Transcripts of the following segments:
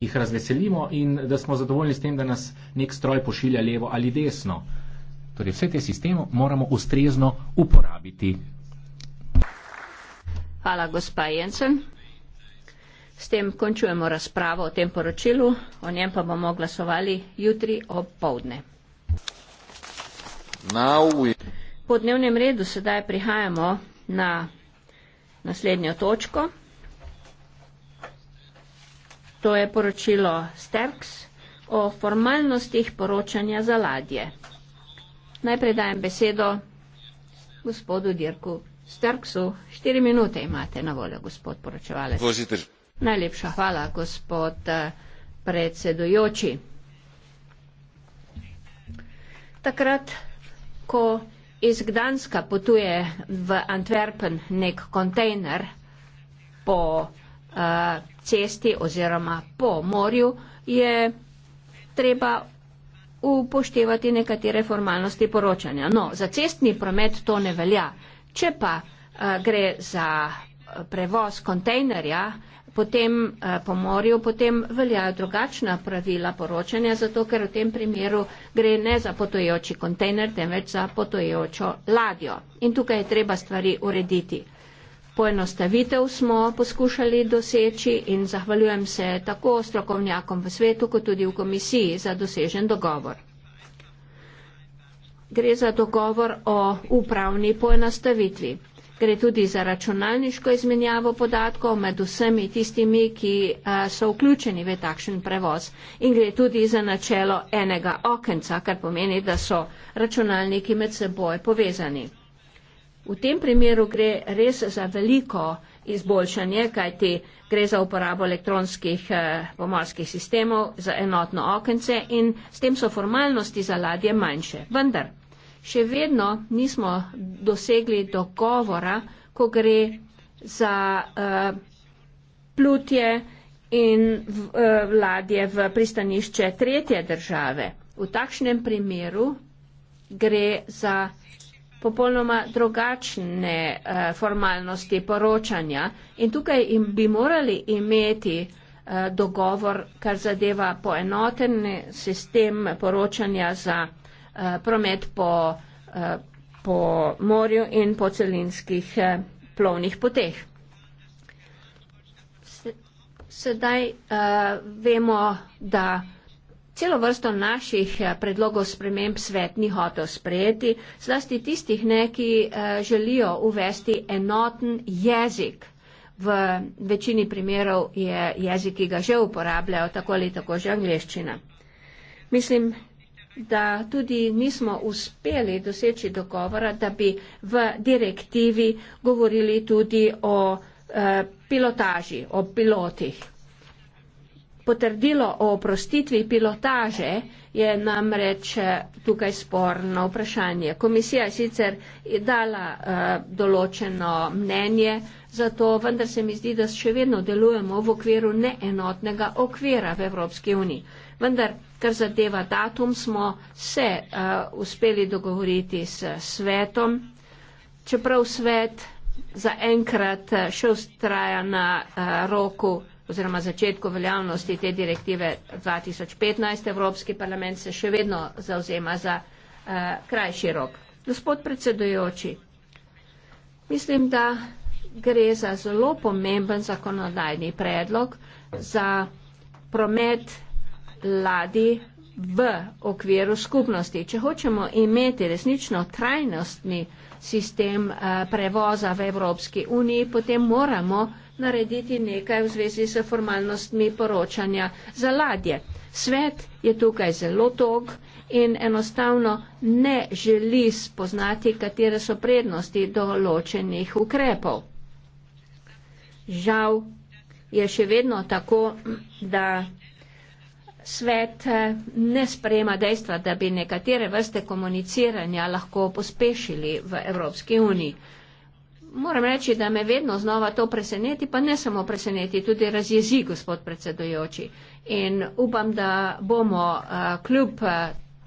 jih razveselimo in da smo zadovoljni s tem, da nas nek stroj pošilja levo ali desno. Torej vse te sisteme moramo ustrezno uporabiti. Hvala, gospa Jensen. S tem končujemo razpravo o tem poročilu, o njem pa bomo glasovali jutri ob povdne. We... Po dnevnem redu sedaj prihajamo na naslednjo točko. To je poročilo Sterks o formalnostih poročanja za ladje. Najprej dajem besedo gospodu Dirku Sterksu. Štiri minute imate na voljo, gospod poročevalec. Vozite. Najlepša hvala, gospod eh, predsedujoči. Takrat, ko iz Gdanska potuje v Antwerpen nek kontejner po Eh, cesti oziroma po morju, je treba upoštevati nekatere formalnosti poročanja. No, za cestni promet to ne velja. Če pa eh, gre za eh, prevoz kontejnerja, potem po morju, potem veljajo drugačna pravila poročanja, zato ker v tem primeru gre ne za potojoči kontejner, temveč za potojočo ladjo. In tukaj je treba stvari urediti poenostavitev smo poskušali doseči in zahvaljujem se tako strokovnjakom v svetu, kot tudi v komisiji za dosežen dogovor. Gre za dogovor o upravni poenostavitvi. Gre tudi za računalniško izmenjavo podatkov med vsemi tistimi, ki so vključeni v takšen prevoz. In gre tudi za načelo enega okenca, kar pomeni, da so računalniki med seboj povezani. V tem primeru gre res za veliko izboljšanje, kajti gre za uporabo elektronskih eh, pomorskih sistemov za enotno okence in s tem so formalnosti za ladje manjše. Vendar še vedno nismo dosegli dogovora, ko gre za uh, plutje in vladje eh, v pristanišče tretje države. V takšnem primeru gre za popolnoma drugačne eh, formalnosti poročanja in tukaj bi morali imeti eh, dogovor, kar zadeva poenoten sistem poročanja za eh, promet po, po morju in po celinskih plovnih poteh. Sedaj uh, vemo, da Celo vrsto naših eh, predlogov sprememb svet ni hotel sprejeti, zlasti tistih ne, ki eh, želijo uvesti enoten jezik. V večini primerov je jezik, ki ga že uporabljajo, tako ali tako že angliščina. Mislim, da tudi nismo uspeli doseči dogovora, da bi v direktivi govorili tudi o eh, pilotaži, o pilotih. Potrdilo o oprostitvi pilotaže je namreč eh, tukaj sporno vprašanje. Komisija je sicer dala uh, določeno mnenje za to, vendar se mi zdi, da še vedno delujemo v okviru neenotnega okvira v Evropski uniji. Vendar, kar zadeva datum, smo se uh, uspeli dogovoriti s svetom, čeprav svet zaenkrat še ustraja na uh, roku oziroma začetku veljavnosti te direktive 2015 Evropski parlament se še vedno zauzema za uh, krajši rok. Gospod predsedujoči, mislim, da gre za zelo pomemben zakonodajni predlog za promet ladi v okviru skupnosti. Če hočemo imeti resnično trajnostni sistem uh, prevoza v Evropski uniji, potem moramo uh, narediti nekaj v zvezi s formalnostmi poročanja za ladje. Svet je tukaj zelo tog in enostavno ne želi spoznati, katere so prednosti določenih ukrepov. Žal je še vedno tako, da svet eh, ne sprejema dejstva, da bi nekatere vrste komuniciranja lahko pospešili v Evropski uniji. Moram reči, da me vedno znova to preseneti, pa ne samo preseneti, tudi razjezi, gospod predsedujoči. In upam, da bomo uh, kljub uh,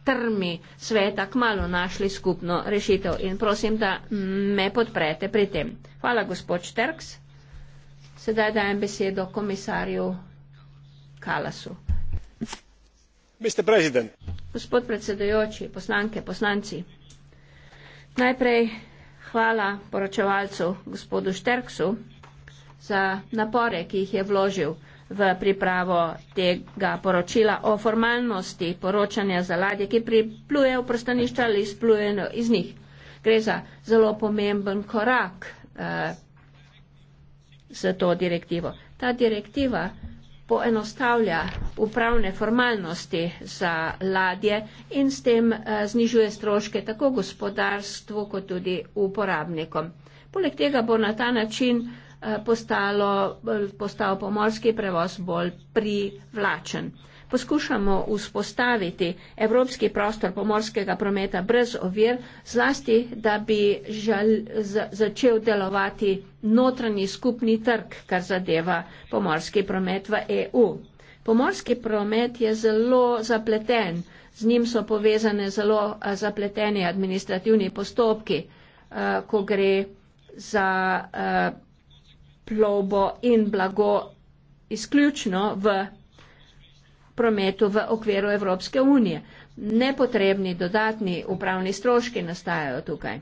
trmi sveta kmalo našli skupno rešitev. In prosim, da me podprete pri tem. Hvala, gospod Šterks. Sedaj dajem besedo komisarju Kalasu. Gospod predsedujoči, poslanke, poslanci. Najprej hvala poročevalcu gospodu Šterksu za napore, ki jih je vložil v pripravo tega poročila o formalnosti poročanja za ladje, ki pripluje v prstanišča ali izpluje iz njih. Gre za zelo pomemben korak eh, za to direktivo. Ta direktiva poenostavlja upravne formalnosti za ladje in s tem eh, znižuje stroške tako gospodarstvu kot tudi uporabnikom. Poleg tega bo na ta način eh, postalo, eh, postal pomorski prevoz bolj privlačen poskušamo vzpostaviti evropski prostor pomorskega prometa brez ovir, zlasti, da bi žal, z, začel delovati notranji skupni trg, kar zadeva pomorski promet v EU. Pomorski promet je zelo zapleten, z njim so povezane zelo eh, zapleteni administrativni postopki, eh, ko gre za eh, plobo in blago izključno v prometu v okviru Evropske unije. Nepotrebni dodatni upravni stroški nastajajo tukaj.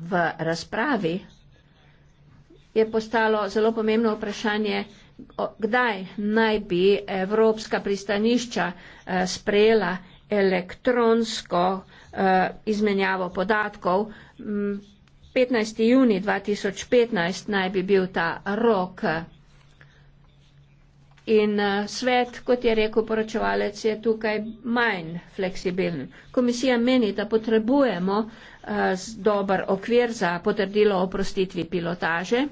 V razpravi je postalo zelo pomembno vprašanje, kdaj naj bi Evropska pristanišča eh, sprejela elektronsko eh, izmenjavo podatkov. 15. juni 2015 naj bi bil ta rok eh, In uh, svet, kot je rekel poročevalec, je tukaj manj fleksibilen. Komisija meni, da potrebujemo uh, dober okvir za potrdilo o prostitvi pilotaže.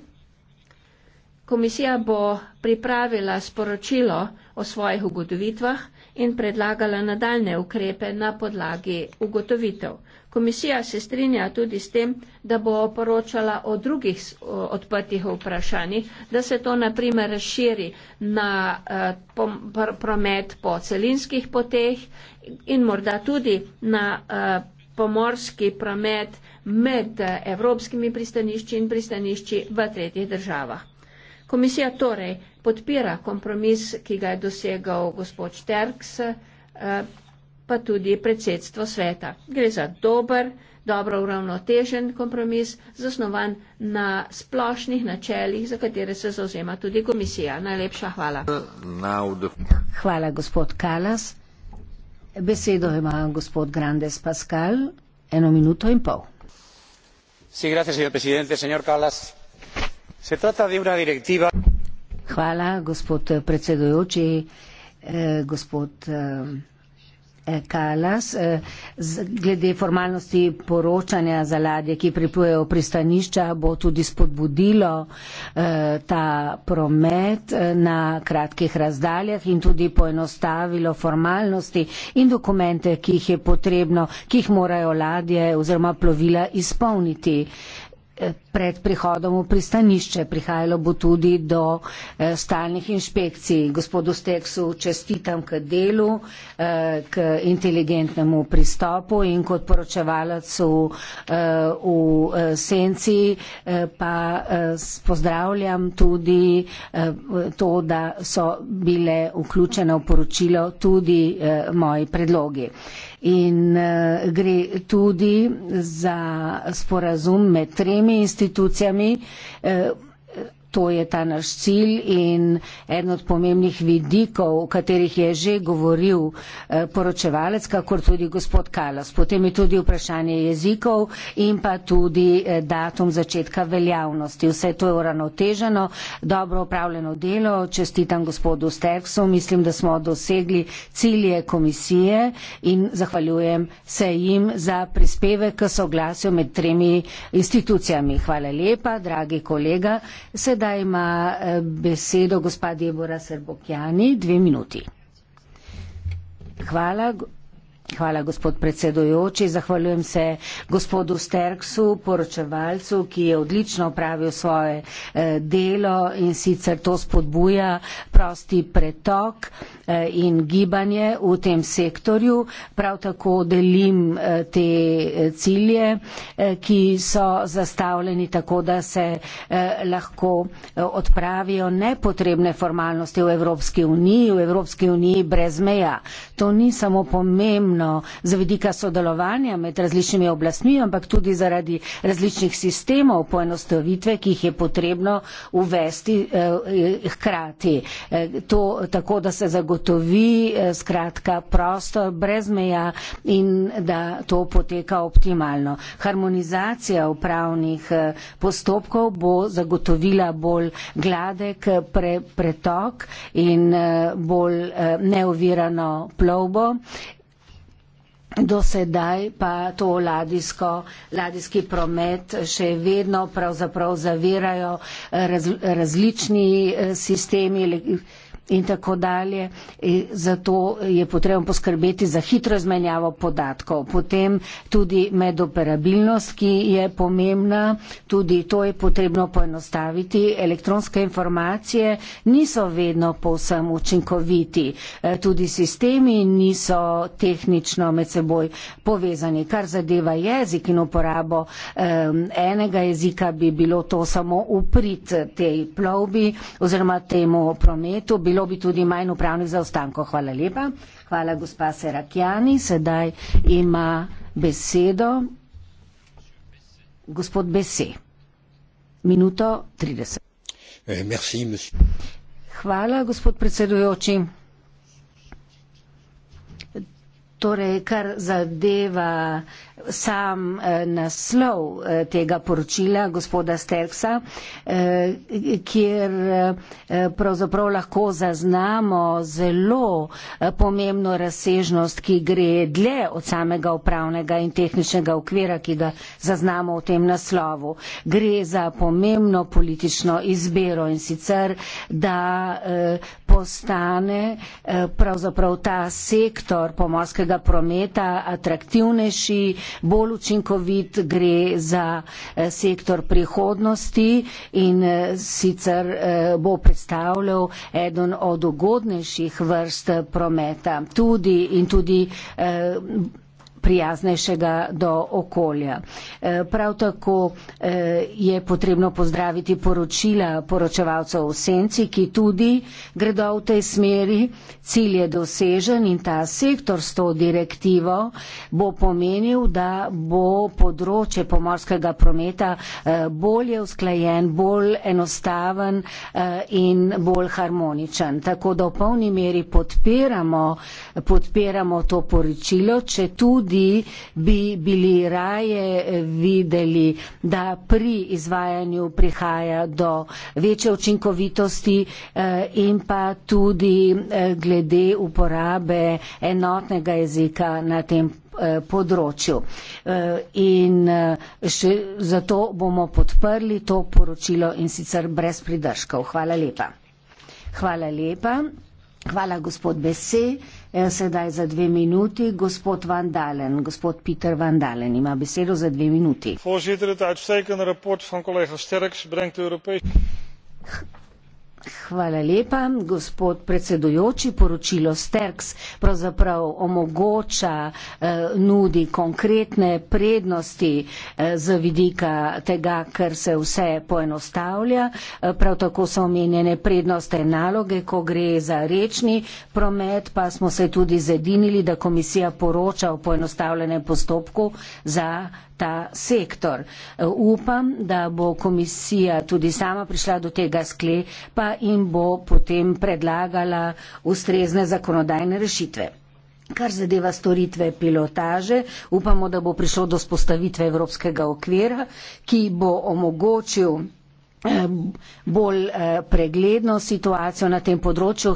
Komisija bo pripravila sporočilo o svojih ugotovitvah in predlagala nadaljne ukrepe na podlagi ugotovitev. Komisija se strinja tudi s tem, da bo poročala o drugih odprtih vprašanjih, da se to naprimer razširi na eh, promet po celinskih poteh in morda tudi na eh, pomorski promet med eh, evropskimi pristanišči in pristanišči v tretjih državah. Komisija torej podpira kompromis, ki ga je dosegal gospod Šterks, eh, pa tudi predsedstvo sveta. Gre za dober, dobro uravnotežen kompromis, zasnovan na splošnih načelih, za katere se zauzema tudi komisija. Najlepša hvala. Hvala, gospod Kalas. Besedo ima gospod Grandes Pascal, eno minuto in pol. Sí, gracias, señor presidente. Señor Calas, se trata de una directiva. Hvala, gospod predsedujoči, eh, gospod eh, eh, Kalas. Glede formalnosti poročanja za ladje, ki priplujejo v pristanišča, bo tudi spodbudilo ta promet na kratkih razdaljah in tudi poenostavilo formalnosti in dokumente, ki jih je potrebno, ki jih morajo ladje oziroma plovila izpolniti pred prihodom v pristanišče. Prihajalo bo tudi do eh, stalnih inšpekcij. Gospodu Steksu čestitam k delu, eh, k inteligentnemu pristopu in kot poročevalec v, eh, v senci pa pozdravljam tudi to, da so bile vključene v poročilo tudi moji predlogi in eh, gre tudi za sporazum med tremi institucijami. Eh, To je ta naš cilj in eden od pomembnih vidikov, o katerih je že govoril eh, poročevalec, kakor tudi gospod Kalas. Potem je tudi vprašanje jezikov in pa tudi eh, datum začetka veljavnosti. Vse to je uravnoteženo, dobro upravljeno delo. Čestitam gospodu Sterksu. Mislim, da smo dosegli cilje komisije in zahvaljujem se jim za prispevek k soglasju med tremi institucijami. Hvala lepa, dragi kolega. Sedaj Sedaj ima eh, besedo gospod Debora Srbokjani, dve minuti. Hvala. Hvala, gospod predsedujoči. Zahvaljujem se gospodu Sterksu, poročevalcu, ki je odlično opravil svoje eh, delo in sicer to spodbuja prosti pretok eh, in gibanje v tem sektorju. Prav tako delim eh, te cilje, ki so zastavljeni tako, da se lahko odpravijo nepotrebne formalnosti v Evropski uniji, v Evropski uniji brez meja. To ni samo pomembno ravno z vedika sodelovanja med različnimi oblastmi, ampak tudi zaradi različnih sistemov poenostavitve, ki jih je potrebno uvesti eh, hkrati. Eh, to tako, da se zagotovi eh, skratka prostor brez meja in da to poteka optimalno. Harmonizacija upravnih eh, postopkov bo zagotovila bolj gladek eh, pre, pretok in eh, bolj eh, neovirano plovbo. Do sedaj pa to ladijsko, ladijski promet še vedno pravzaprav zavirajo eh, raz, različni eh, sistemi in tako dalje. E, zato je potrebno poskrbeti za hitro izmenjavo podatkov. Potem tudi medoperabilnost, ki je pomembna, tudi to je potrebno poenostaviti. Elektronske informacije niso vedno povsem učinkoviti, e, tudi sistemi niso tehnično med seboj povezani. Kar zadeva jezik in uporabo enega jezika, bi bilo to samo uprit tej plovbi oziroma temu prometu. Bilo bilo bi tudi manj upravnih zaostankov. Hvala lepa. Hvala gospa Serakjani. Sedaj ima besedo gospod Bese. Minuto 30. Eh, Hvala, gospod predsedujoči. Torej, kar zadeva sam eh, naslov eh, tega poročila gospoda Sterksa, eh, kjer pravzaprav lahko zaznamo zelo pomembno razsežnost, ki gre dlje od samega upravnega in tehničnega okvira, ki ga zaznamo v tem naslovu. Gre za pomembno politično izbiro in sicer, da postane eh, pravzaprav ta sektor pomorskega prometa atraktivnejši, bolj učinkovit, gre za eh, sektor prihodnosti in eh, sicer bo predstavljal eden od ugodnejših vrst prometa. Tudi in tudi prijaznejšega do okolja. E, prav tako e, je potrebno pozdraviti poročila poročevalcev v senci, ki tudi gredo v tej smeri. Cilj je dosežen in ta sektor s to direktivo bo pomenil, da bo področje pomorskega prometa e, bolje usklajen, bolj enostaven in bolj harmoničen. Tako da v polni meri podpiramo, podpiramo to poročilo, če tudi tudi bi bili raje videli, da pri izvajanju prihaja do večje učinkovitosti eh, in pa tudi eh, glede uporabe enotnega jezika na tem eh, področju. In še zato bomo podprli to poročilo in sicer brez pridržkov. Hvala lepa. Hvala lepa. Hvala gospod Besej. Eh, sedaj za dve minuti gospod Van Dalen, gospod Peter Van Dalen ima besedo za dve minuti. Voorzitter, het uitstekende rapport van collega Sterks brengt de Europese. Hvala lepa, gospod predsedujoči. Poročilo STERKS pravzaprav omogoča, eh, nudi konkretne prednosti eh, za vidika tega, ker se vse poenostavlja. Eh, prav tako so omenjene prednostne naloge, ko gre za rečni promet, pa smo se tudi zedinili, da komisija poroča o poenostavljenem postopku za ta sektor. Upam, da bo komisija tudi sama prišla do tega sklepa in bo potem predlagala ustrezne zakonodajne rešitve. Kar zadeva storitve pilotaže, upamo, da bo prišlo do spostavitve evropskega okvira, ki bo omogočil bolj eh, pregledno situacijo na tem področju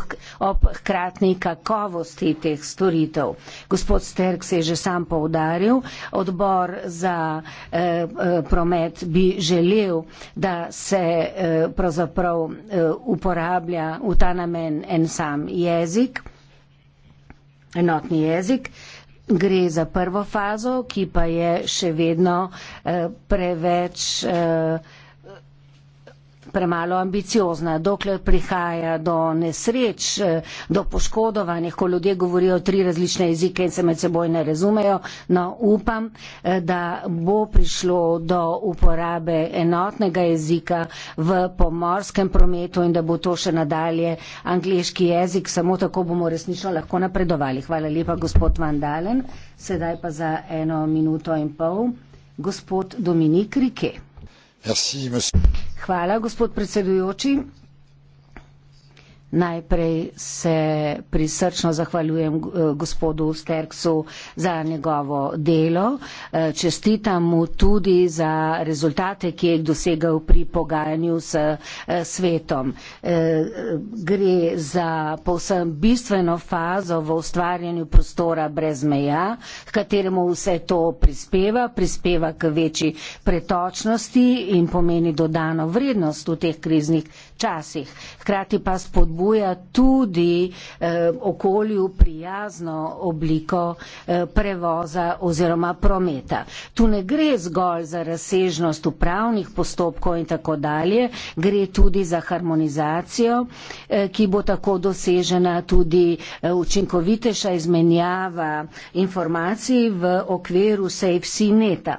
ob hkratni kakovosti teh storitev. Gospod Sterk se je že sam povdaril, odbor za eh, eh, promet bi želel, da se pravzaprav uporablja v ta namen en sam jezik, enotni jezik. Gre za prvo fazo, ki pa je še vedno preveč premalo ambiciozna. Dokler prihaja do nesreč, eh, do poškodovanja, ko ljudje govorijo tri različne jezike in se med seboj ne razumejo, no upam, eh, da bo prišlo do uporabe enotnega jezika v pomorskem prometu in da bo to še nadalje angliški jezik. Samo tako bomo resnično lahko napredovali. Hvala lepa, gospod Van Dalen. Sedaj pa za eno minuto in pol. Gospod Dominik Rike. Hvala, gospod predsedujoči. Najprej se prisrčno zahvaljujem eh, gospodu Sterksu za njegovo delo. Eh, čestitam mu tudi za rezultate, ki je dosegal pri pogajanju s eh, svetom. Gre za povsem bistveno fazo v ustvarjanju prostora brez meja, k kateremu vse to prispeva, prispeva k večji pretočnosti in pomeni dodano vrednost v teh kriznih časih. Hkrati pa spodbuja tudi eh, okolju prijazno obliko eh, prevoza oziroma prometa. Tu ne gre zgolj za razsežnost upravnih postopkov in tako dalje, gre tudi za harmonizacijo, eh, ki bo tako dosežena tudi eh, učinkovitejša izmenjava informacij v okviru SafeCineta.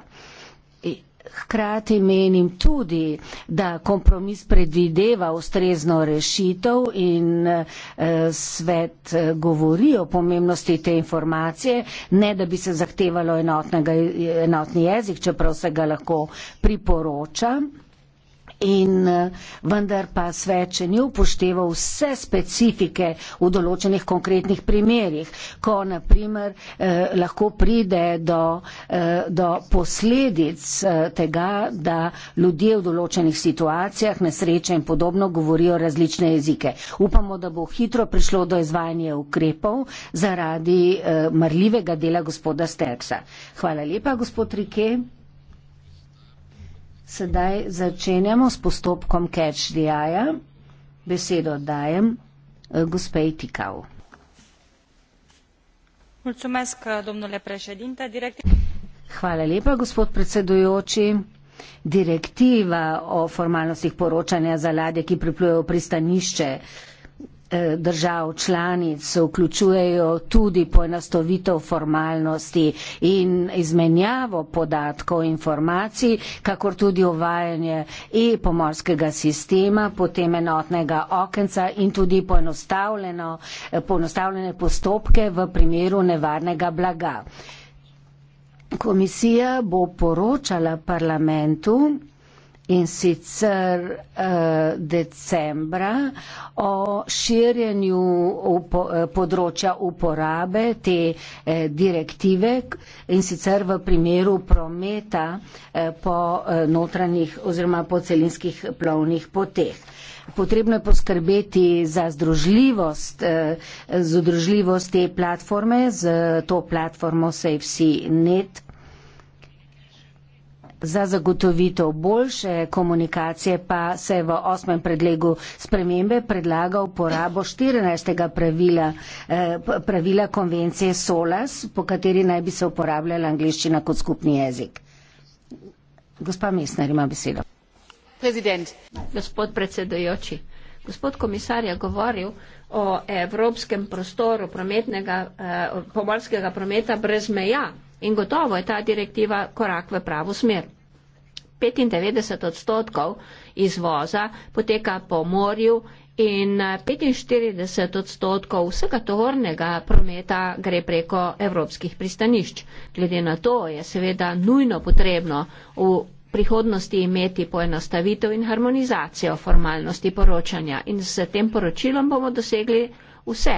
Hkrati menim tudi, da kompromis predvideva ustrezno rešitev in eh, svet eh, govori o pomembnosti te informacije, ne da bi se zahtevalo enotni jezik, čeprav se ga lahko priporoča in eh, vendar pa sveče ni upošteval vse specifike v določenih konkretnih primerjih, ko naprimer eh, lahko pride do, eh, do posledic eh, tega, da ljudje v določenih situacijah, nesreče in podobno govorijo različne jezike. Upamo, da bo hitro prišlo do izvajanja ukrepov zaradi eh, marljivega dela gospoda Sterksa. Hvala lepa, gospod Rike. Sedaj začenjamo s postopkom catch-the-eye. Besedo dajem eh, gospe Itikau. Mulțumesc, domnule președinte. Directiv... Hvala lepa, gospod predsedujoči. Direktiva o formalnostih poročanja za ladje, ki priplujejo v pristanišče, Eh, držav članic vključujejo tudi poenostavitev formalnosti in izmenjavo podatkov in informacij, kakor tudi uvajanje e-pomorskega sistema, potem enotnega okenca in tudi eh, poenostavljene postopke v primeru nevarnega blaga. Komisija bo poročala parlamentu, in sicer eh, decembra o širjenju upo, eh, področja uporabe te eh, direktive in sicer v primeru prometa eh, po eh, notranjih oziroma po celinskih plovnih poteh. Potrebno je poskrbeti za združljivost, eh, združljivost te platforme, z to platformo SafeCNet Za zagotovitev boljše komunikacije pa se je v osmem predlegu spremembe predlagal porabo 14. pravila, eh, pravila konvencije SOLAS, po kateri naj bi se uporabljala angliščina kot skupni jezik. Gospa Mesner ima besedo. Prezident. Gospod predsedojoči, gospod komisar je govoril o evropskem prostoru prometnega, eh, pomorskega prometa brez meja. In gotovo je ta direktiva korak v pravo smer. 95 odstotkov izvoza poteka po morju in 45 odstotkov vsega tovornega prometa gre preko evropskih pristanišč. Glede na to je seveda nujno potrebno v prihodnosti imeti poenostavitev in harmonizacijo formalnosti poročanja in s tem poročilom bomo dosegli vse.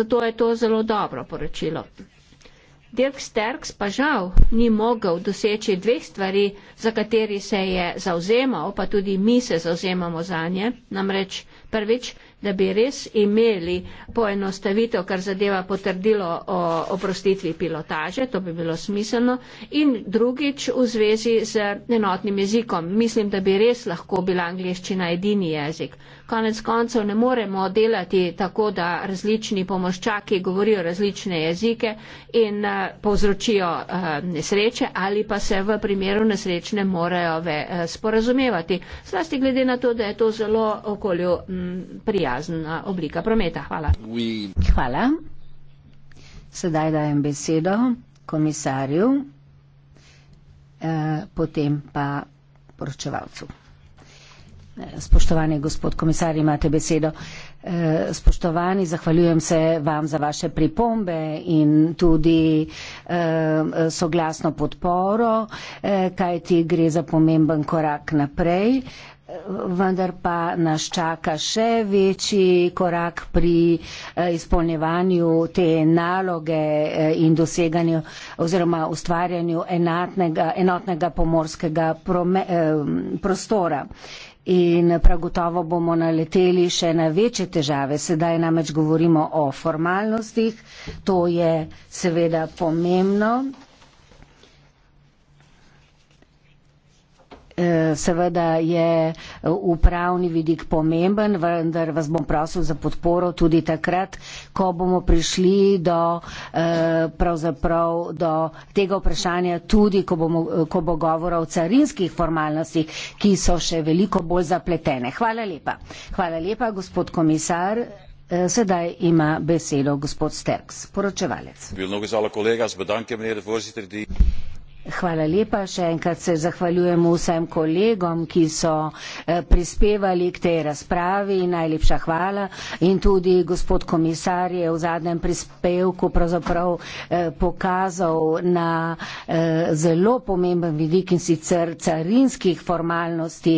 Zato je to zelo dobro poročilo. Dirk Sterks pa žal ni mogel doseči dveh stvari, za kateri se je zauzemal, pa tudi mi se zauzemamo za nje. Namreč prvič, da bi res imeli poenostavitev, kar zadeva potrdilo o oprostitvi pilotaže, to bi bilo smiselno. In drugič, v zvezi z enotnim jezikom. Mislim, da bi res lahko bila angliščina edini jezik konec koncev ne moremo delati tako, da različni pomoščaki govorijo različne jezike in eh, povzročijo eh, nesreče ali pa se v primeru nesrečne morajo eh, sporazumevati. Zlasti glede na to, da je to zelo okolju prijazna oblika prometa. Hvala. Hvala. Sedaj dajem besedo komisarju, eh, potem pa poročevalcu. Eh, spoštovani gospod komisar, imate besedo. Eh, spoštovani, zahvaljujem se vam za vaše pripombe in tudi eh, soglasno podporo, kajti gre za pomemben korak naprej. Vendar pa nas čaka še večji korak pri izpolnjevanju te naloge in doseganju oziroma ustvarjanju enotnega pomorskega prome, prostora in prav gotovo bomo naleteli še na večje težave. Sedaj namreč govorimo o formalnostih, to je seveda pomembno seveda je upravni vidik pomemben, vendar vas bom prosil za podporo tudi takrat, ko bomo prišli do, eh, do tega vprašanja, tudi ko, bomo, ko bo govora o carinskih formalnostih, ki so še veliko bolj zapletene. Hvala lepa. Hvala lepa, gospod komisar. Eh, sedaj ima besedo gospod Sterks, poročevalec. Bilo mnogo zala kolega, zbedanke mnere, voziteljdi hvala lepa. Še enkrat se zahvaljujem vsem kolegom, ki so eh, prispevali k tej razpravi. Najlepša hvala. In tudi gospod komisar je v zadnjem prispevku pravzaprav eh, pokazal na eh, zelo pomemben vidik in sicer carinskih formalnosti.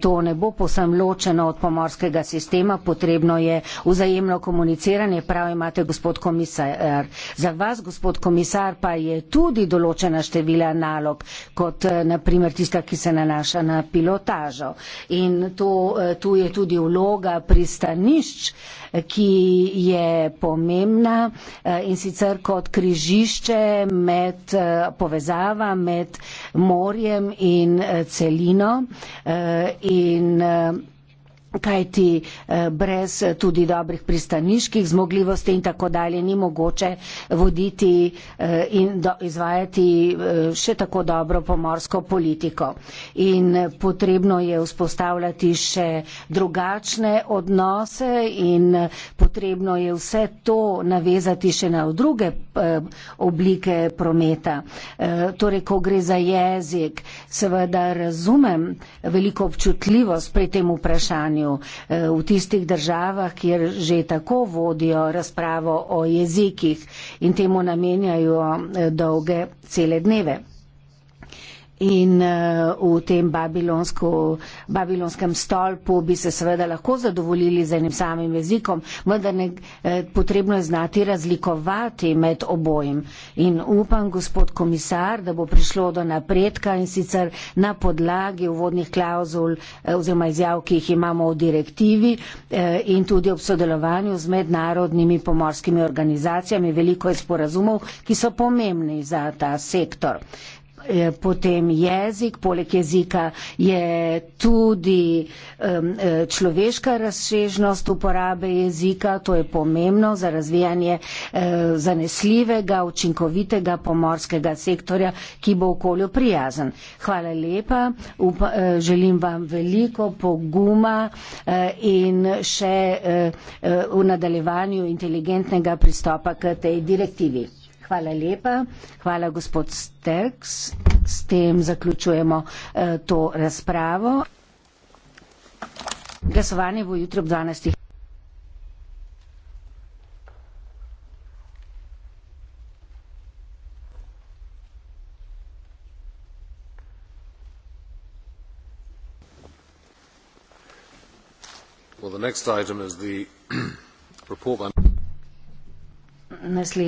To ne bo posem ločeno od pomorskega sistema. Potrebno je vzajemno komuniciranje. Prav imate, gospod komisar. Za vas, gospod komisar, pa je tudi določena številka števila nalog, kot eh, naprimer tista, ki se nanaša na pilotažo. In to, eh, tu je tudi vloga pristanišč, eh, ki je pomembna in sicer kot križišče med povezava med morjem in celino. In, kajti eh, brez tudi dobrih pristaniških zmogljivosti in tako dalje ni mogoče voditi eh, in do, izvajati eh, še tako dobro pomorsko politiko. In potrebno je vzpostavljati še drugačne odnose in potrebno je vse to navezati še na druge oblike prometa. Torej, ko gre za jezik, seveda razumem veliko občutljivost pri tem vprašanju stanju eh, v tistih državah, kjer že tako vodijo razpravo o jezikih in temu namenjajo eh, dolge cele dneve. In uh, v tem babilonskem stolpu bi se seveda lahko zadovoljili z enim samim jezikom, vendar ne, eh, potrebno je znati razlikovati med obojim. In upam, gospod komisar, da bo prišlo do napredka in sicer na podlagi uvodnih klauzul eh, oziroma izjav, ki jih imamo v direktivi eh, in tudi ob sodelovanju z mednarodnimi pomorskimi organizacijami. Veliko je sporazumov, ki so pomembni za ta sektor. Eh, je potem jezik, poleg jezika je tudi um, eh, človeška razsežnost uporabe jezika, to je pomembno za razvijanje uh, zanesljivega, učinkovitega pomorskega sektorja, ki bo okolju prijazen. Hvala lepa, Upa, uh, želim vam veliko poguma uh, in še uh, uh, v nadaljevanju inteligentnega pristopa k tej direktivi. Hvala lepa. Hvala, gospod Sterks. S tem zaključujemo eh, to razpravo. Glasovanje bo jutri ob 12. Well, the next item is the report by... Nestle.